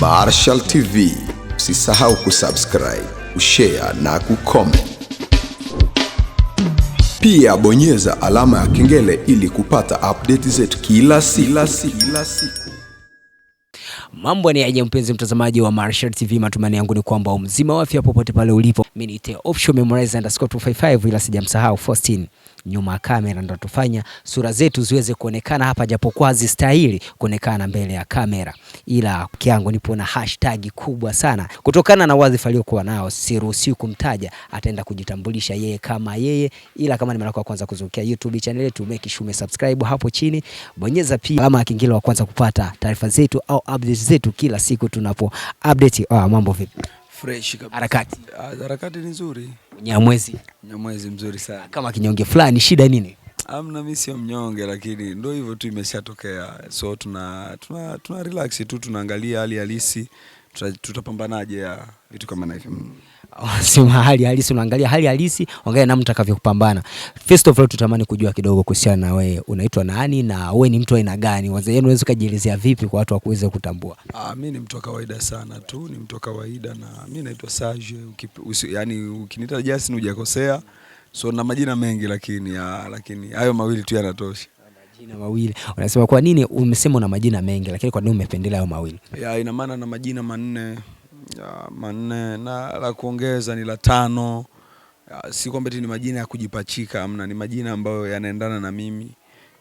Marshall TV. Usisahau kusubscribe, kushare na kucomment. Pia bonyeza alama ya kengele ili kupata update zetu kila siku. Mambo ni aje, mpenzi mtazamaji wa Marshal TV, matumaini yangu ni kwamba umzima wa afya popote pale ulipo. Mimi ni Teo Official Memorize underscore 255, ila sijamsahau Faustine nyuma ya kamera, ndo tufanya sura zetu ziweze kuonekana hapa, japokuwa hazistahili kuonekana mbele ya kamera, ila kiangu nipo na hashtag kubwa sana kutokana na wadhifa aliokuwa nao. Siruhusiwi kumtaja, ataenda kujitambulisha yeye kama yeye, ila kama ni mara ya kwanza kuzungukia YouTube channel yetu, make sure umesubscribe hapo chini, bonyeza pia alama ya kengele wa kwanza kupata taarifa zetu au updates zetu kila siku tunapo update. Oh, mambo vipi? fresh kabisa. Harakati ah, harakati ni nzuri. Mnyamwezi mnyamwezi mzuri sana. Kama kinyonge fulani, shida nini? Amna, mimi sio mnyonge, lakini ndio hivyo tu, imeshatokea. So tuna tuna, tuna relax tu, tunaangalia hali halisi tutapambanaje, tuta ya vitu kama na hivyo. Mm. Wasema hali halisi, unaangalia hali halisi, angalia namna utakavyopambana. First of all, tutamani kujua kidogo kuhusiana na wewe, unaitwa nani na wewe ni mtu aina gani? Wazee wenu unaweza kujielezea vipi kwa watu wakuweze kutambua? Ah, mimi ni mtu wa kawaida sana tu, ni mtu wa kawaida na mimi naitwa Sage. Yani ukinita Justin hujakosea, so na majina mengi, lakini ya, ah, lakini hayo mawili tu yanatosha. Majina mawili unasema kwa nini? Umesema una majina mengi, lakini kwa nini umependelea hayo mawili? Ya, ina maana na majina manne manne na la kuongeza ni la tano. Si kwamba eti ni majina ya kujipachika, amna. Ni majina ambayo yanaendana na mimi,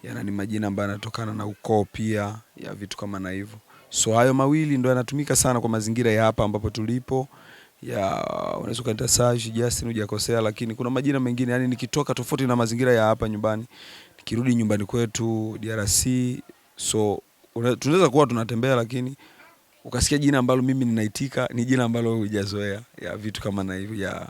yana ni majina ambayo yanatokana na ukoo pia, ya vitu kama na hivyo. So hayo mawili ndo yanatumika sana kwa mazingira ya hapa ambapo tulipo ya unaweza ukaita Saj Justin, hujakosea, lakini kuna majina mengine yani, nikitoka tofauti na mazingira ya hapa nyumbani, nikirudi nyumbani kwetu DRC, so tunaweza kuwa tunatembea lakini ukasikia jina ambalo mimi ninaitika ni jina ambalo hujazoea ya vitu kama na hivyo ya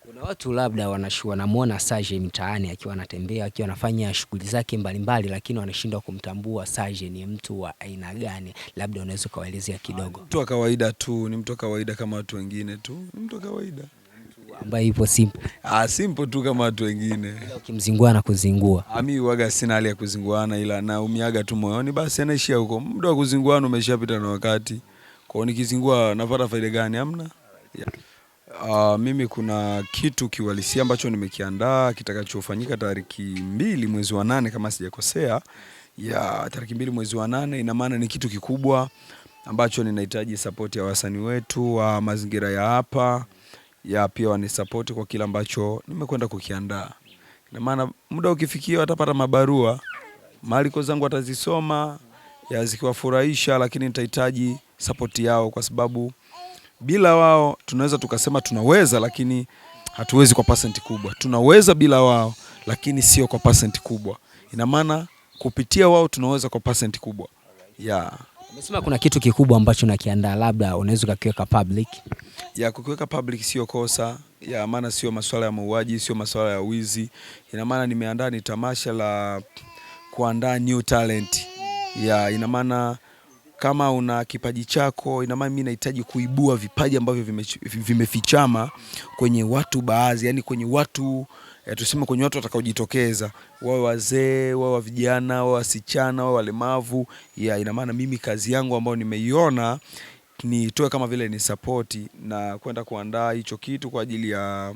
kuna watu labda wanamwona Saje mtaani akiwa anatembea akiwa anafanya shughuli zake mbalimbali, lakini wanashindwa kumtambua Saje ni mtu wa aina gani, labda unaweza ukawaelezea kidogo? Mtu wa kawaida tu, ni mtu wa kawaida kama watu wengine tu, ni mtu wa kawaida ambayo ipo simple. Ah, simple tu kama watu wengine. Ukimzingua na kuzingua. Ah, Mimi waga sina hali ya kuzinguana, ila na umiaga tu moyoni, basi anaishia huko. Muda wa kuzinguana umeshapita na wakati. Kwa hiyo nikizingua napata faida gani? Hamna. Yeah. Ah, mimi kuna kitu kiwalisia ambacho nimekiandaa kitakachofanyika tariki mbili mwezi wa nane kama sijakosea. Ya tariki mbili mwezi wa nane, ina maana ni kitu kikubwa ambacho ninahitaji sapoti ya wasanii wetu wa mazingira ya hapa ya pia wanisapoti kwa kile ambacho nimekwenda kukiandaa. Ina maana muda ukifikia, watapata mabarua, maandiko zangu watazisoma ya zikiwafurahisha, lakini nitahitaji sapoti yao, kwa sababu bila wao tunaweza tukasema tunaweza, lakini hatuwezi kwa pasenti kubwa. Tunaweza bila wao, lakini sio kwa pasenti kubwa. Ina maana kupitia wao tunaweza kwa pasenti kubwa, yeah. Umesema kuna kitu kikubwa ambacho nakiandaa, labda unaweza ukakiweka public. Ya kukiweka public sio kosa ya maana, sio masuala ya mauaji, sio masuala ya wizi. Ina maana nimeandaa ni tamasha la kuandaa new talent ya ina maana kama una kipaji chako, ina maana mimi nahitaji kuibua vipaji ambavyo vime, vimefichama kwenye watu baadhi, yani kwenye watu ya eh, tuseme kwenye watu watakaojitokeza, wawe wazee, wawe vijana, wawe wasichana, wawe walemavu. Ya, ina maana mimi kazi yangu ambayo nimeiona nitoe kama vile ni sapoti na kwenda kuandaa hicho kitu kwa ajili ya,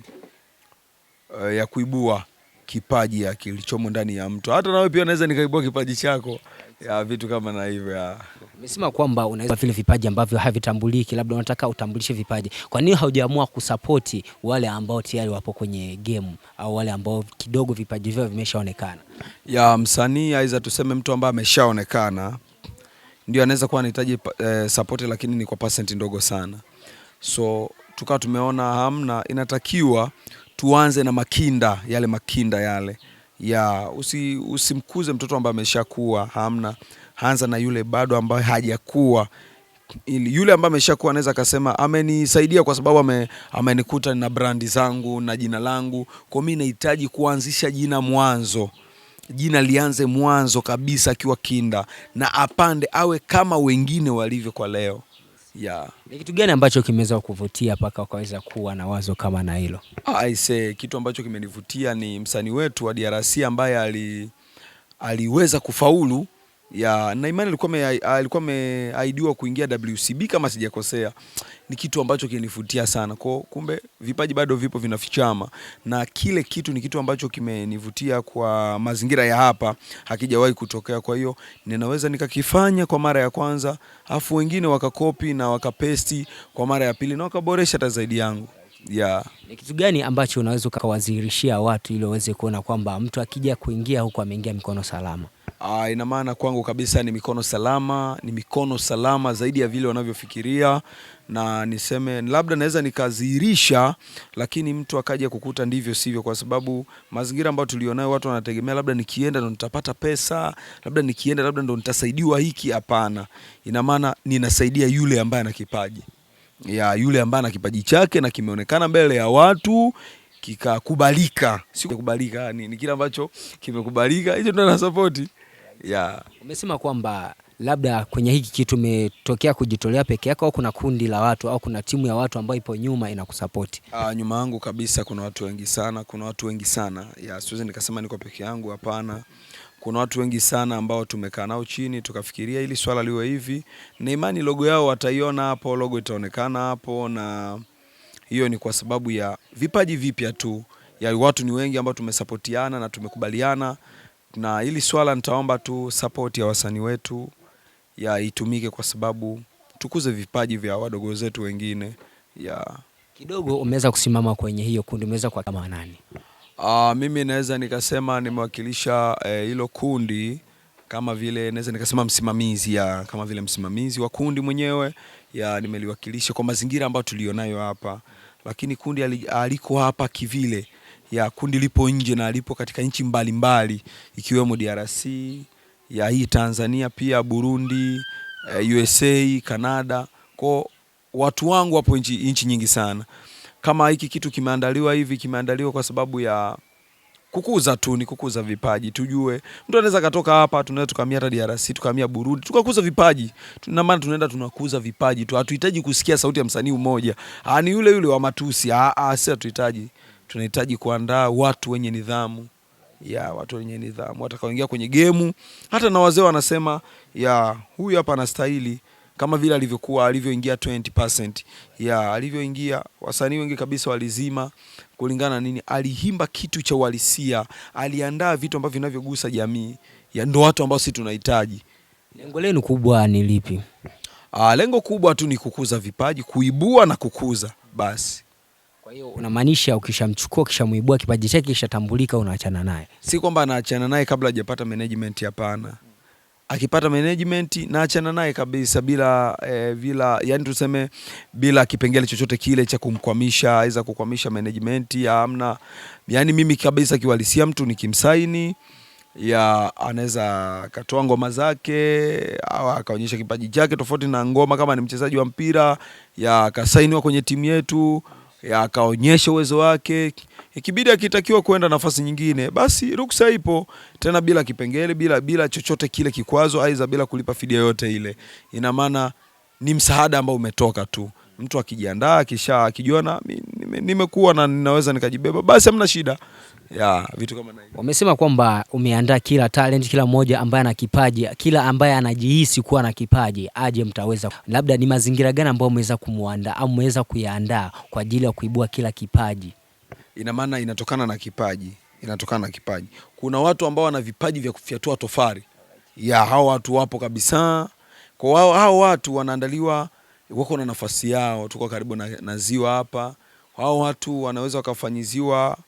eh, ya kuibua kipaji ya kilichomo ndani ya mtu. Hata nawe pia naweza nikaibua kipaji chako ya vitu kama na hivyo. Umesema kwamba unaweza vile vipaji ambavyo havitambuliki, labda unataka utambulishe vipaji. Kwa nini haujaamua kusapoti wale ambao tayari wapo kwenye game au wale ambao kidogo vipaji vyao vimeshaonekana? Ya msanii aiza, tuseme mtu ambaye ameshaonekana ndio anaweza kuwa anahitaji eh, support, lakini ni kwa pasenti ndogo sana, so tukawa tumeona hamna, inatakiwa tuanze na makinda yale makinda yale ya usi, usimkuze mtoto ambaye ameshakuwa hamna. Anza na yule bado ambaye hajakuwa. Yule ambaye ameshakuwa anaweza akasema amenisaidia kwa sababu amenikuta na brandi zangu na jina langu, kwa mimi nahitaji kuanzisha jina mwanzo jina lianze mwanzo kabisa, akiwa kinda na apande awe kama wengine walivyo kwa leo. Yeah. Ni kitu gani ambacho kimeweza kuvutia mpaka ukaweza kuwa na wazo kama na hilo? Ah, say, kitu ambacho kimenivutia ni msanii wetu wa DRC ambaye ali, aliweza kufaulu ya na imani alikuwa alikuwa ameahidiwa kuingia WCB kama sijakosea, ni kitu ambacho kilinivutia sana kwa kumbe vipaji bado vipo vinafichama, na kile kitu ni kitu ambacho kimenivutia kwa mazingira ya hapa, hakijawahi kutokea. Kwa hiyo ninaweza nikakifanya kwa mara ya kwanza, afu wengine wakakopi na wakapesti kwa mara ya pili na wakaboresha hata zaidi yangu. Yeah. Ni kitu gani ambacho unaweza ukawazihirishia watu ili waweze kuona kwamba mtu akija kuingia huko ameingia mikono salama? Uh, ina maana kwangu kabisa ni mikono salama, ni mikono salama zaidi ya vile wanavyofikiria, na niseme labda naweza nikadhihirisha, lakini mtu akaja kukuta ndivyo sivyo, kwa sababu mazingira ambayo tulionayo watu wanategemea labda nikienda ndo nitapata pesa, labda nikienda labda ndo nitasaidiwa hiki. Hapana, ina maana ninasaidia yule ambaye ana kipaji ya yule ambaye ana kipaji chake na kimeonekana mbele ya watu kikakubalika, sio kukubalika, ni, ni kile ambacho kimekubalika, hicho ndo na support yeah. Umesema kwamba labda kwenye hiki kitu umetokea kujitolea peke yako au kuna kundi la watu au kuna timu ya watu ambayo ipo nyuma inakusapoti? Ah, nyuma yangu kabisa kuna watu wengi sana, kuna watu wengi sana ya siwezi nikasema niko peke yangu, hapana. Kuna watu wengi sana ambao tumekaa nao chini tukafikiria ili swala liwe hivi, na imani logo yao wataiona hapo, logo itaonekana hapo, na hiyo ni kwa sababu ya vipaji vipya tu ya watu ni wengi ambao tumesapotiana na tumekubaliana na hili swala nitaomba tu support ya wasanii wetu ya itumike kwa sababu tukuze vipaji vya wadogo zetu wengine ya kidogo. Umeweza kusimama kwenye hiyo kundi, umeweza kwa kama nani? Uh, mimi naweza nikasema nimewakilisha eh, hilo eh, kundi kama vile naweza nikasema msimamizi ya kama vile msimamizi wa kundi mwenyewe ya nimeliwakilisha kwa mazingira ambayo tulionayo hapa, lakini kundi aliko hapa kivile ya kundi lipo nje na lipo katika nchi mbalimbali ikiwemo DRC ya hii Tanzania pia Burundi, eh, USA, Canada. Kwa watu wangu wapo nchi nchi nyingi sana. Kama hiki kitu kimeandaliwa hivi, kimeandaliwa kwa sababu ya kukuza tu, ni kukuza vipaji. Tujue mtu anaweza katoka hapa, tunaweza tukamia hata DRC, tukamia Burundi, tukakuza vipaji. Tuna maana tunaenda tunakuza vipaji tu, hatuhitaji kusikia sauti ya msanii mmoja, ah, ni yule yule wa matusi. Ah, ah, si hatuhitaji tunahitaji kuandaa watu wenye nidhamu ya watu wenye nidhamu watakaoingia kwenye gemu. Hata na wazee wanasema ya huyu hapa anastahili kama vile alivyokuwa alivyoingia 20% ya alivyoingia. Wasanii wengi kabisa walizima kulingana nini, alihimba kitu cha uhalisia, aliandaa vitu ambavyo vinavyogusa jamii, ndo watu ambao sisi tunahitaji. Lengo lenu kubwa ni lipi? Ah, lengo kubwa tu ni kukuza vipaji, kuibua na kukuza basi. Kwa hiyo unamaanisha ukishamchukua ukishamuibua kipaji chake kishatambulika unaachana naye? Si kwamba anaachana naye kabla hajapata management, hapana. Akipata management naachana naye kabisa bila e, bila yani tuseme bila kipengele chochote kile cha kumkwamisha, aweza kukwamisha management ya amna. Yani mimi kabisa kiwalisia, mtu nikimsaini ya anaweza akatoa ngoma zake au akaonyesha kipaji chake tofauti na ngoma, kama ni mchezaji wa mpira ya akasainiwa kwenye timu yetu E, akaonyesha uwezo wake, ikibidi akitakiwa kwenda nafasi nyingine, basi ruksa ipo tena, bila kipengele, bila bila chochote kile kikwazo, aidha bila kulipa fidia yote ile. Ina maana ni msaada ambao umetoka tu, mtu akijiandaa, akisha akijiona nimekuwa na ninaweza nikajibeba, basi hamna shida ya vitu kama hivyo. Wamesema kwamba umeandaa kila talent, kila mmoja ambaye ana kipaji, kila ambaye anajihisi kuwa na kipaji aje, mtaweza. Labda ni mazingira gani ambayo umeweza kumwandaa au umeweza kuyaandaa kwa ajili ya kuibua kila kipaji? Ina maana inatokana na kipaji, inatokana na kipaji. Kuna watu ambao wana vipaji vya kufyatua tofari ya hao watu wapo kabisa. Kwa hao, hao watu wanaandaliwa, wako na nafasi yao. Tuko karibu na, na ziwa hapa, hao watu wanaweza wakafanyiziwa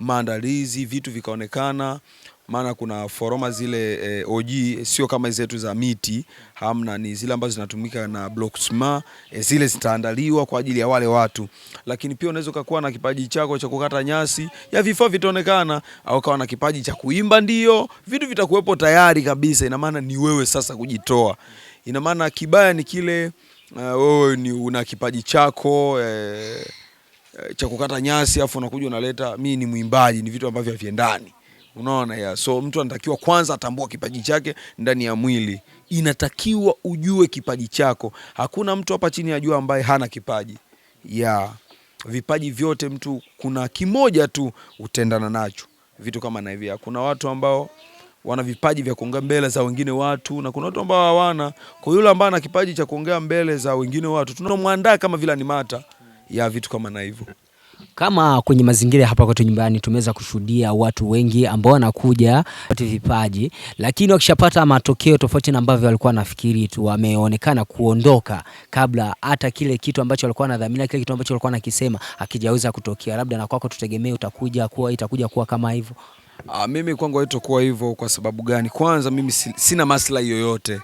maandalizi, vitu vikaonekana, maana kuna foroma zile e, eh, OG sio kama zetu za miti, hamna, ni zile ambazo zinatumika na blocksma e, eh, zile zitaandaliwa kwa ajili ya wale watu. Lakini pia unaweza ukakuwa na kipaji chako cha kukata nyasi, ya vifaa vitaonekana, au kawa na kipaji cha kuimba, ndio vitu vitakuwepo tayari kabisa. Ina maana ni wewe sasa kujitoa. Ina maana kibaya ni kile eh, wewe uh, ni una kipaji chako eh, Eh, cha kukata nyasi afu unakuja unaleta mi ni mwimbaji, ni vitu ambavyo haviendani. Unaona ya so mtu anatakiwa kwanza atambua kipaji chake ndani ya mwili. Inatakiwa ujue kipaji chako. Hakuna mtu hapa chini ya jua ambaye hana kipaji ya vipaji vyote. Mtu kuna kimoja tu utendana nacho vitu kama na hivi. Kuna watu ambao wana vipaji vya kuongea mbele za wengine watu na kuna watu ambao hawana. Kwa yule ambaye ana kipaji cha kuongea mbele za wengine watu tunamwandaa kama vile ni mata ya vitu kama na hivyo kama kwenye mazingira hapa kwetu nyumbani tumeweza kushuhudia watu wengi ambao wanakuja pata vipaji, lakini wakishapata matokeo tofauti na ambavyo walikuwa nafikiri tu, wameonekana kuondoka kabla hata kile kitu ambacho walikuwa nadhamini, kile kitu ambacho walikuwa nakisema akijaweza kutokea. Labda na kwako tutegemee utakuja kuwa itakuja kuwa kama hivyo. Ah, mimi kwangu haitokuwa hivyo. Kwa sababu gani? Kwanza mimi sina maslahi yoyote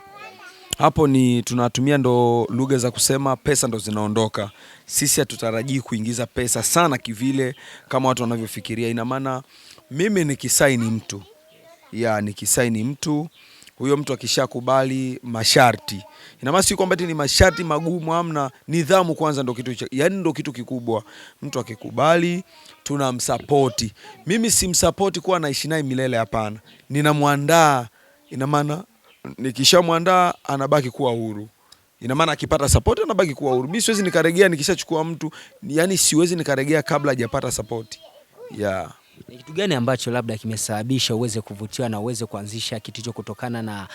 hapo, ni tunatumia ndo lugha za kusema, pesa ndo zinaondoka sisi hatutarajii kuingiza pesa sana kivile kama watu wanavyofikiria. Ina maana mimi nikisaini mtu ya nikisaini mtu huyo mtu akishakubali masharti, ina maana si kwamba ni masharti magumu, amna nidhamu kwanza, ndo kitu yani, ndo kitu kikubwa. Mtu akikubali tunamsapoti. Mimi simsapoti kuwa naishi naye milele, hapana, ninamwandaa. Ina maana nikishamwandaa anabaki kuwa huru. Ina maana akipata support anabaki kuwa huru. Mimi siwezi nikaregea nikishachukua mtu, yani siwezi nikaregea kabla hajapata support. Yeah. Ni kitu gani ambacho labda kimesababisha uweze kuvutiwa na uweze kuanzisha kitu hicho kutokana na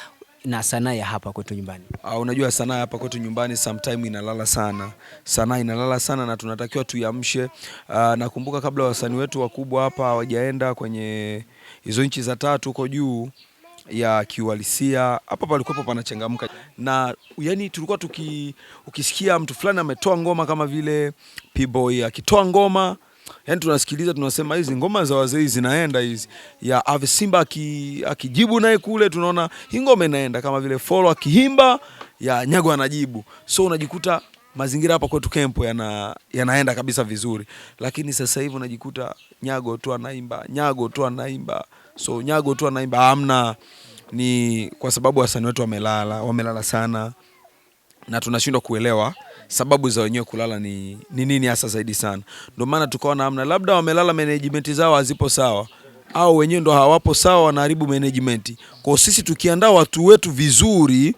na sanaa ya hapa kwetu nyumbani. Ah, unajua sanaa hapa kwetu nyumbani sometime inalala sana, sanaa inalala sana na tunatakiwa tuiamshe. Ah, nakumbuka kabla wasanii wetu wakubwa hapa hawajaenda kwenye hizo nchi za tatu huko juu ya kiuhalisia hapa palikuwa panachangamka, na yani tulikuwa tuki, ukisikia mtu fulani ametoa ngoma kama vile P-boy akitoa ngoma yani tunasikiliza tunasema, hizi ngoma za wazee zinaenda hizi. Ya Ave Simba akijibu naye kule tunaona hii ngoma inaenda, kama vile Follow akihimba ya Nyago anajibu, so unajikuta mazingira hapa kwetu Kempo yana yanaenda kabisa vizuri, lakini sasa hivi unajikuta Nyago tu anaimba, Nyago tu anaimba So Nyago tu anaimba amna ni kwa sababu wasanii wetu wamelala, wamelala sana na tunashindwa kuelewa sababu za wenyewe kulala ni ni nini hasa zaidi sana. Ndio maana tukaona amna, labda wamelala, management zao hazipo sawa au wenyewe ndo hawapo sawa, wanaharibu management. Kwa sisi tukiandaa watu wetu vizuri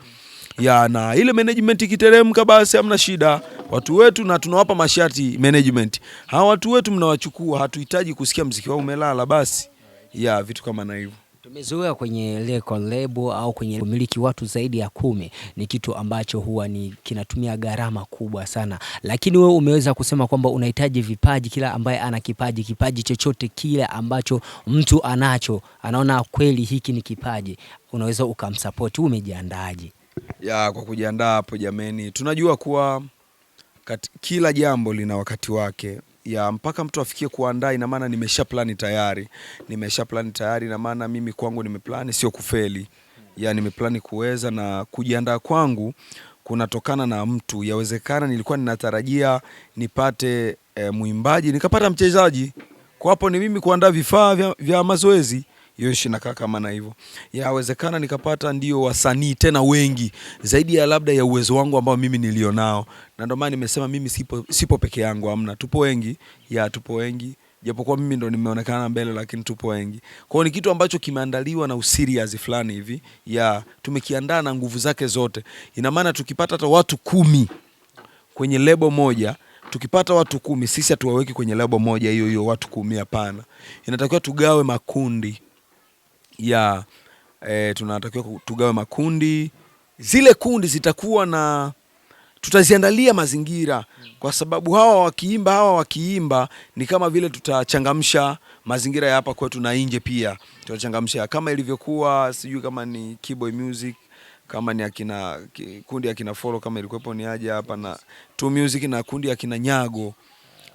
ya na ile management ikiteremka, basi hamna shida watu wetu, na tunawapa masharti management. Hawa watu wetu mnawachukua, hatuhitaji kusikia mziki wao umelala basi ya vitu kama na hivyo. Tumezoea kwenye leko lebo au kwenye kumiliki watu zaidi ya kumi ni kitu ambacho huwa ni kinatumia gharama kubwa sana, lakini wewe umeweza kusema kwamba unahitaji vipaji, kila ambaye ana kipaji, kipaji chochote kile ambacho mtu anacho, anaona kweli hiki ni kipaji, unaweza ukamsapoti. Umejiandaaje? ya kwa kujiandaa hapo, jameni, tunajua kuwa kati, kila jambo lina wakati wake ya mpaka mtu afikie kuandaa, ina maana nimesha plani tayari, nimesha plani tayari. Ina maana mimi kwangu nimeplani, sio kufeli ya nimeplani kuweza na kujiandaa kwangu kunatokana na mtu. Yawezekana nilikuwa ninatarajia nipate e, mwimbaji nikapata mchezaji, kwa hapo ni mimi kuandaa vifaa vya, vya mazoezi hiyo Yoshi nakaa kama na hivyo, yawezekana nikapata ndio wasanii tena wengi zaidi ya labda ya uwezo wangu ambao mimi nilionao, na ndio maana nimesema mimi sipo, sipo peke yangu, amna, tupo wengi ya tupo wengi japokuwa mimi ndo nimeonekana mbele, lakini tupo wengi. Kwa hiyo ni kitu ambacho kimeandaliwa na usiriasi fulani hivi ya tumekiandaa na nguvu zake zote. Ina maana tukipata hata watu kumi kwenye lebo moja, tukipata watu kumi, sisi hatuwaweki kwenye lebo moja hiyo hiyo watu kumi, hapana. Inatakiwa tugawe makundi ya e, tunatakiwa tugawe makundi. Zile kundi zitakuwa na tutaziandalia mazingira, kwa sababu hawa wakiimba, hawa wakiimba ni kama vile tutachangamsha mazingira ya hapa kwetu na nje pia tutachangamsha, kama ilivyokuwa sijui kama ni Keyboy Music kama ni akina kundi akina Follow, kama ilikuwepo ni aje hapa na Two Music na kundi akina Nyago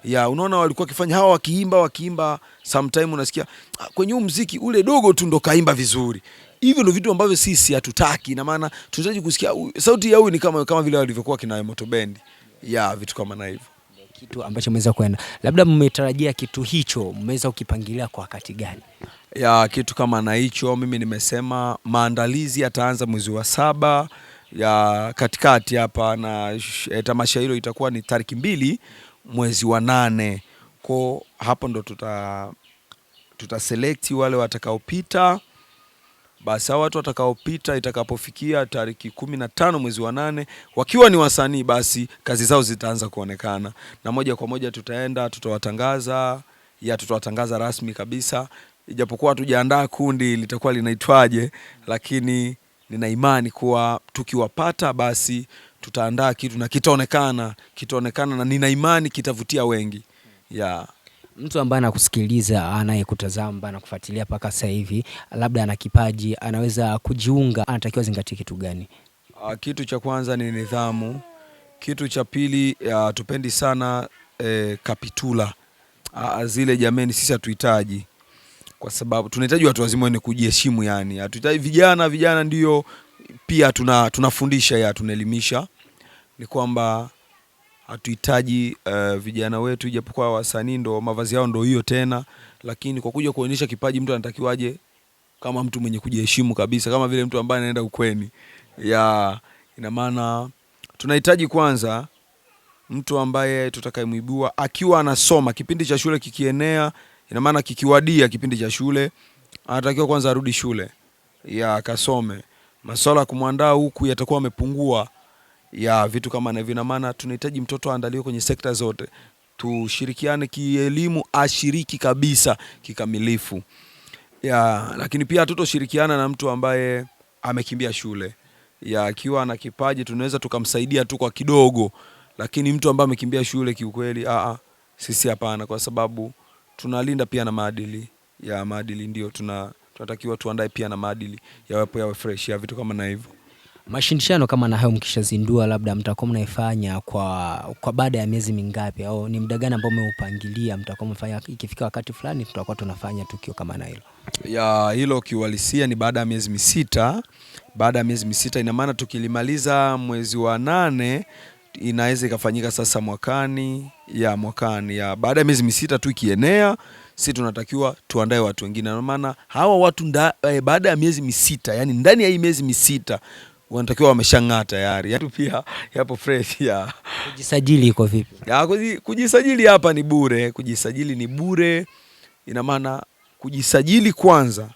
ya unaona, walikuwa wakifanya hawa wakiimba wakiimba, sometime unasikia ah, kwenye muziki ule dogo tu ndo kaimba vizuri. Hivyo ndo vitu ambavyo sisi hatutaki, na maana tunataka kusikia sauti ya huyu ni kama, kama vile walivyokuwa kina Moto Bendi ya vitu kama na hivyo kitu ambacho mmeweza kwenda, labda mmetarajia kitu hicho, mmeweza kukipangilia kwa wakati gani? ya kitu kama na hicho, mimi nimesema maandalizi yataanza mwezi wa saba ya katikati hapa, na eh, tamasha hilo itakuwa ni tariki mbili mwezi wa nane ko hapo ndo tuta tutaselekti wale watakaopita. Basi hao watu watakaopita itakapofikia tariki kumi na tano mwezi wa nane wakiwa ni wasanii, basi kazi zao zitaanza kuonekana na moja kwa moja tutaenda tutawatangaza, ya tutawatangaza rasmi kabisa, ijapokuwa hatujaandaa kundi litakuwa linaitwaje, lakini nina imani kuwa tukiwapata basi tutaandaa kitu na kitaonekana, kitaonekana na nina imani kitavutia wengi yeah. Mtu ambaye anakusikiliza anayekutazama na kufuatilia mpaka sasa hivi, labda ana kipaji, anaweza kujiunga, anatakiwa zingatie kitu gani? Ah, kitu cha kwanza ni nidhamu. Kitu cha pili tupendi sana e, kapitula a, zile jameni, sisi hatuhitaji, kwa sababu tunahitaji watu wazima wenye kujiheshimu, yani hatuhitaji vijana. Vijana ndio pia tunafundisha, tuna ya tunaelimisha ni kwamba hatuhitaji uh, vijana wetu, ijapokuwa wasanii ndo mavazi yao ndo hiyo tena, lakini kwa kuja kuonyesha kipaji mtu anatakiwaje kama mtu mwenye kujiheshimu kabisa, kama vile mtu ambaye anaenda ukweni ya ina maana tunahitaji kwanza mtu ambaye tutakayemwibua akiwa anasoma kipindi cha shule kikienea, ina maana kikiwadia kipindi cha shule, anatakiwa kwanza arudi shule ya akasome. Masuala ya kumwandaa huku yatakuwa amepungua ya vitu kama na vina maana, tunahitaji mtoto aandaliwe kwenye sekta zote, tushirikiane kielimu, ashiriki kabisa kikamilifu ya, lakini pia hatutoshirikiana na mtu ambaye amekimbia shule ya, akiwa na kipaji tunaweza tukamsaidia tu kwa kidogo, lakini mtu ambaye amekimbia shule kiukweli, aa, sisi hapana, kwa sababu tunalinda pia na maadili ya maadili, ndio tuna tunatakiwa tuandae pia na maadili yawepo yawe fresh ya vitu kama na hivyo mashindishano kama na hayo mkishazindua labda mtakuwa mnaifanya kwa kwa baada ya miezi mingapi au ni muda gani ambao mmeupangilia mtakuwa mfanya, ikifika wakati fulani tutakuwa tunafanya tukio kama na hilo? Ya hilo kiuhalisia ni baada ya miezi misita. Baada ya miezi misita ina maana tukilimaliza mwezi wa nane inaweza ikafanyika sasa mwakani, ya mwakani, ya baada ya miezi misita tu ikienea, si tunatakiwa tuandae watu wengine, maana hawa watu nda, eh, baada ya miezi misita, yani ndani ya hii miezi misita wanatakiwa wameshang'aa tayari. Yetu yaani pia yapo fresh ya. Kujisajili iko vipi? Ya, kujisajili hapa ni bure, kujisajili ni bure. Ina maana kujisajili kwanza,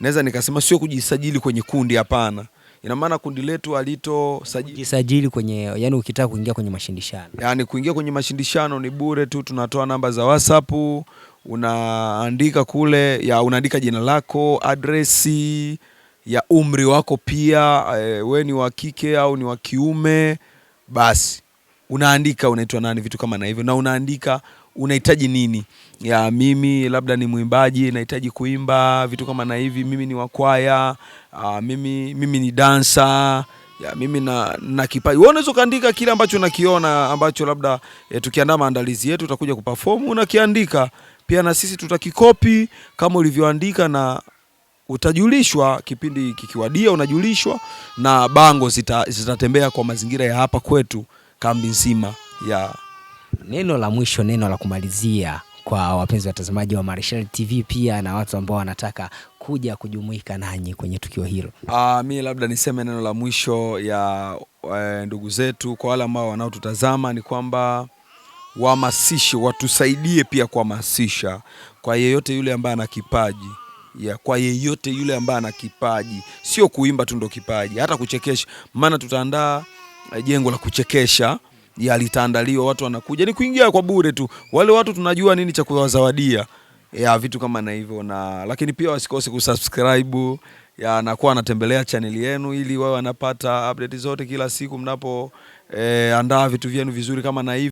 naweza nikasema sio kujisajili kwenye kundi, hapana. Ina maana kundi letu alito sajili. Kujisajili kwenye, yani ukitaka kuingia kwenye mashindishano, yani kuingia kwenye mashindishano ni bure tu, tunatoa namba za WhatsApp, unaandika kule ya unaandika jina lako, address ya umri wako pia e, we ni wa kike au ni wa kiume, basi unaandika unaitwa nani, vitu kama na hivyo, na unaandika unahitaji nini ya mimi labda ni mwimbaji nahitaji kuimba vitu kama na hivi, mimi ni wakwaya ah, mimi, mimi ni dansa ya, mimi na, na kipaji. Wewe unaweza ukaandika kile ambacho unakiona ambacho labda e, tukiandaa maandalizi yetu utakuja kuperform unakiandika pia, na sisi tutakikopi kama ulivyoandika na utajulishwa kipindi kikiwadia, unajulishwa na bango zitatembea kwa mazingira ya hapa kwetu, kambi nzima ya. Neno la mwisho, neno la kumalizia kwa wapenzi watazamaji wa Marechal TV pia na watu ambao wanataka kuja kujumuika nanyi kwenye tukio hilo. Ah, mi labda niseme neno la mwisho ya e, ndugu zetu kwa wale ambao wanaotutazama ni kwamba wahamasishe, watusaidie pia kuhamasisha kwa yeyote yule ambaye ana kipaji Yeah, kwa yeyote yule ambaye ana kipaji, sio kuimba tu ndo kipaji, hata kuchekesha. Maana tutaandaa eh, jengo la kuchekesha yalitaandaliwa, watu wanakuja, ni kuingia kwa bure tu. Wale watu tunajua nini cha kuwazawadia ya vitu kama na hivyo, na lakini pia wasikose kusubscribe ya na kuwa anatembelea chaneli yenu ili wawe wanapata update zote kila siku mnapo eh, andaa vitu vyenu vizuri kama na hivyo.